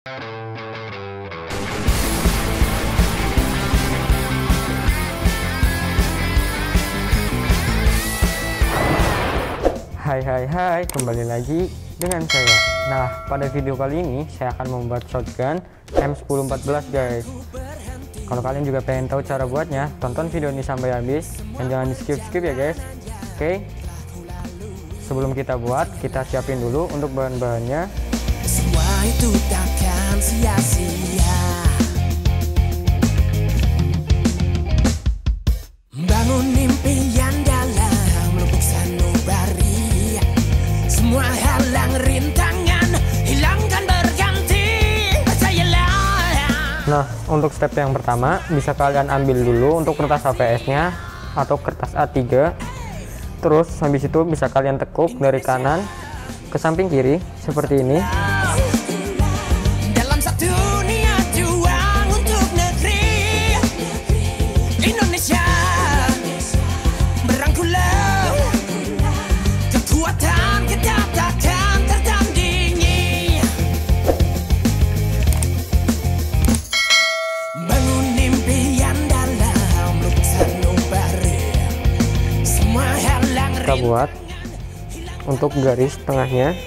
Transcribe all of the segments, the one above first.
Hai hai hai, kembali lagi dengan saya Nah, pada video kali ini saya akan membuat shotgun M1014 guys Kalau kalian juga pengen tahu cara buatnya, tonton video ini sampai habis Dan jangan di skip-skip ya guys Oke okay? Sebelum kita buat, kita siapin dulu untuk bahan-bahannya Bangun impian dalam lubuk sanubari Semua halang rintangan hilangkan berganti Nah, untuk step yang pertama bisa kalian ambil dulu untuk kertas HVS-nya atau kertas A3 Terus habis itu bisa kalian tekuk dari kanan ke samping kiri seperti ini. kita buat untuk garis tengahnya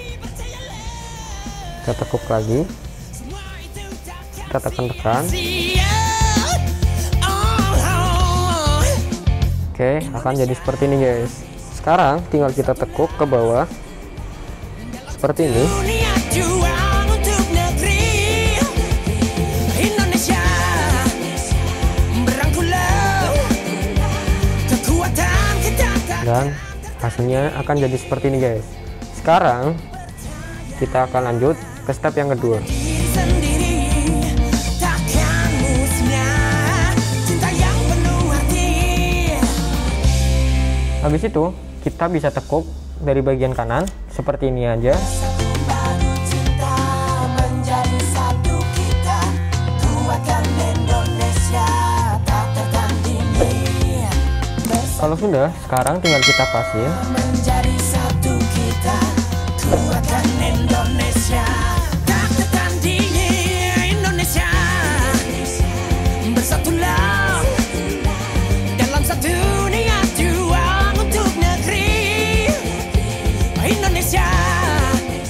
kita tekuk lagi kita tekan-tekan oke akan jadi seperti ini guys sekarang tinggal kita tekuk ke bawah seperti ini hasilnya akan jadi seperti ini guys sekarang kita akan lanjut ke step yang kedua habis itu kita bisa tekuk dari bagian kanan seperti ini aja kalau sudah sekarang tinggal kita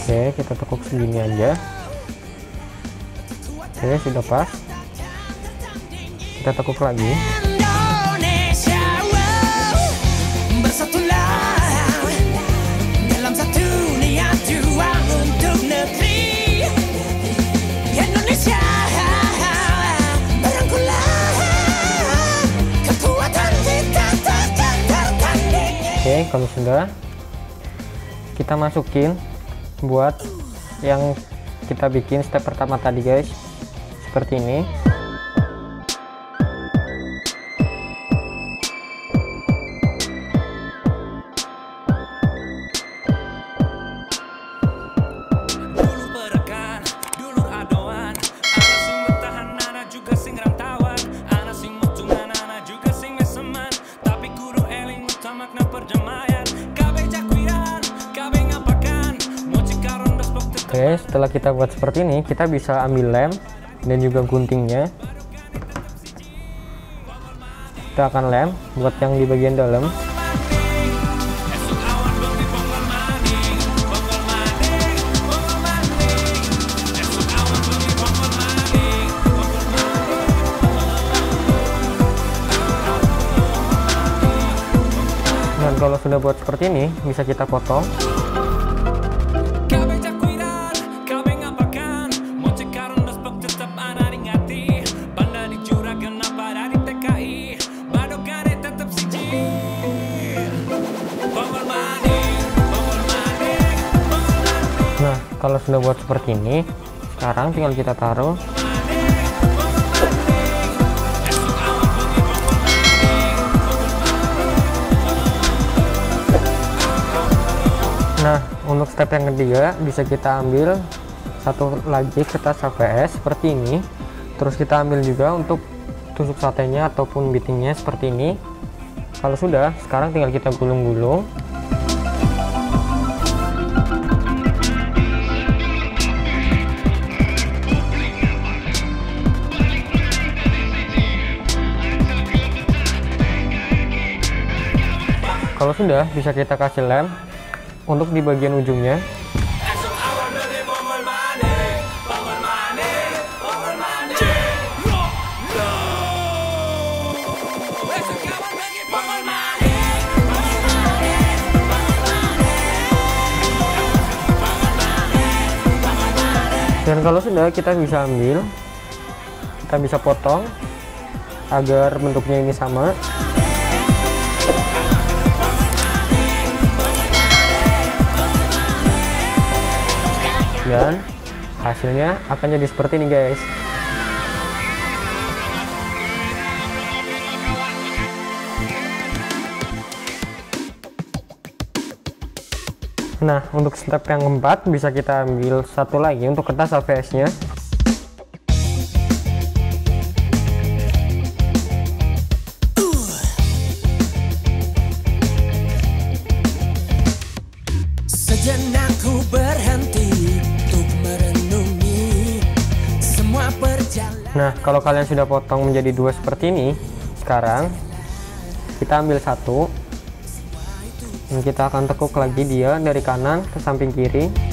Oke, kita tekuk segini aja oke sudah pas kita tekuk lagi kamu sudah kita masukin buat yang kita bikin step pertama tadi guys seperti ini setelah kita buat seperti ini kita bisa ambil lem dan juga guntingnya kita akan lem buat yang di bagian dalam dan kalau sudah buat seperti ini bisa kita potong kalau sudah buat seperti ini sekarang tinggal kita taruh nah untuk step yang ketiga bisa kita ambil satu lagi kertas HVS seperti ini terus kita ambil juga untuk tusuk satenya ataupun bitingnya seperti ini kalau sudah sekarang tinggal kita gulung-gulung kalau sudah bisa kita kasih lem untuk di bagian ujungnya dan kalau sudah kita bisa ambil kita bisa potong agar bentuknya ini sama dan hasilnya akan jadi seperti ini guys Nah, untuk step yang keempat bisa kita ambil satu lagi untuk kertas AVS-nya. Nah, kalau kalian sudah potong menjadi dua seperti ini, sekarang kita ambil satu, dan kita akan tekuk lagi dia dari kanan ke samping kiri.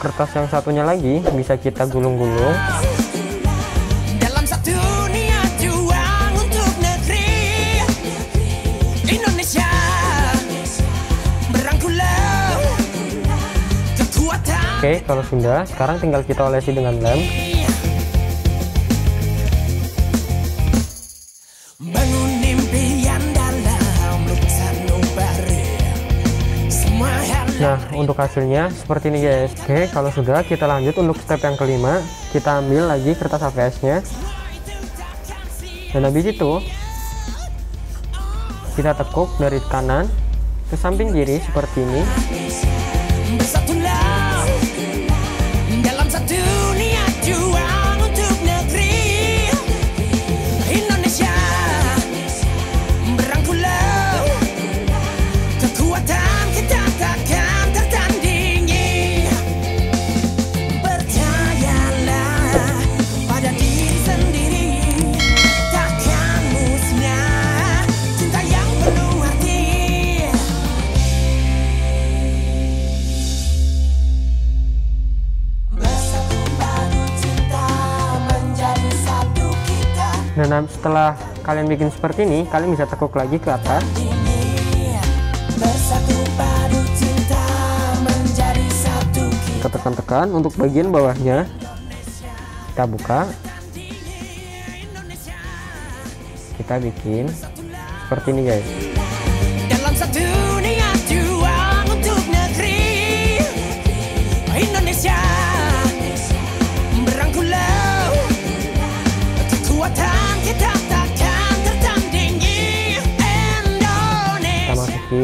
kertas yang satunya lagi bisa kita gulung-gulung Oke, okay, kalau sudah, sekarang tinggal kita olesi dengan lem. untuk hasilnya seperti ini guys oke kalau sudah kita lanjut untuk step yang kelima kita ambil lagi kertas AVS nya dan habis itu kita tekuk dari kanan ke samping kiri seperti ini Nah, setelah kalian bikin seperti ini, kalian bisa tekuk lagi ke atas. Kita tekan-tekan untuk bagian bawahnya. Kita buka. Kita bikin seperti ini guys.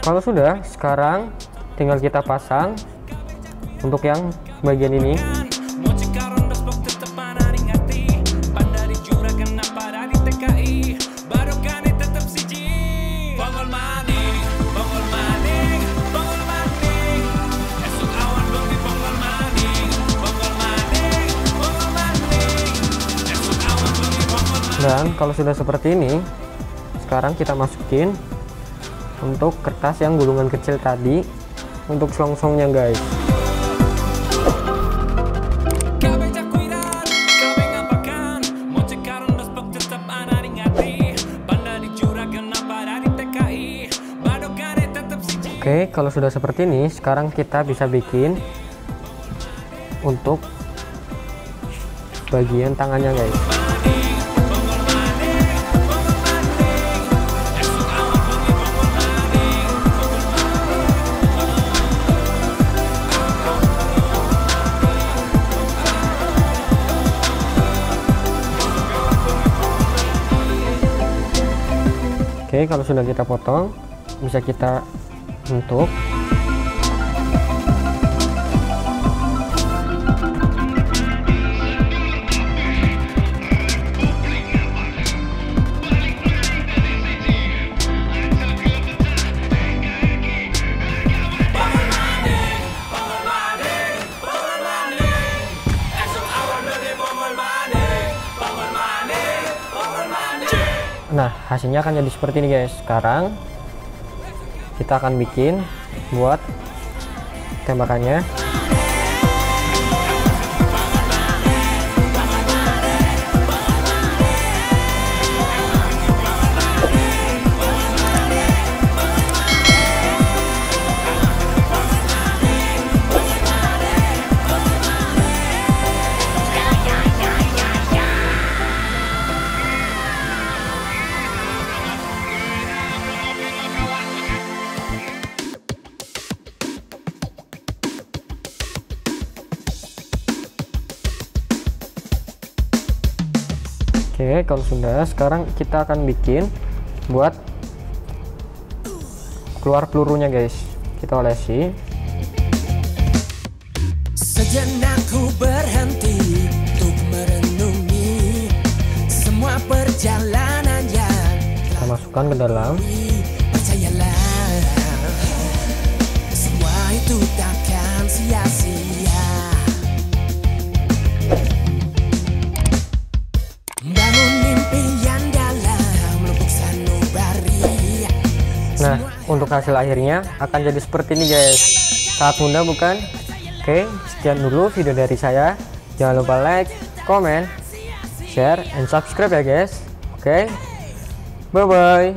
kalau sudah sekarang tinggal kita pasang untuk yang bagian ini dan kalau sudah seperti ini sekarang kita masukin untuk kertas yang gulungan kecil tadi untuk selongsongnya guys Oke kalau sudah seperti ini sekarang kita bisa bikin untuk bagian tangannya guys kalau sudah kita potong bisa kita bentuk nah hasilnya akan jadi seperti ini guys sekarang kita akan bikin buat tembakannya kalau sudah sekarang kita akan bikin buat keluar pelurunya guys kita olesi sejenak ku berhenti untuk merenungi semua perjalanan yang kita masukkan ke dalam percayalah semua itu takkan sia-sia nah untuk hasil akhirnya akan jadi seperti ini guys saat mudah bukan oke sekian dulu video dari saya jangan lupa like comment share and subscribe ya guys oke bye bye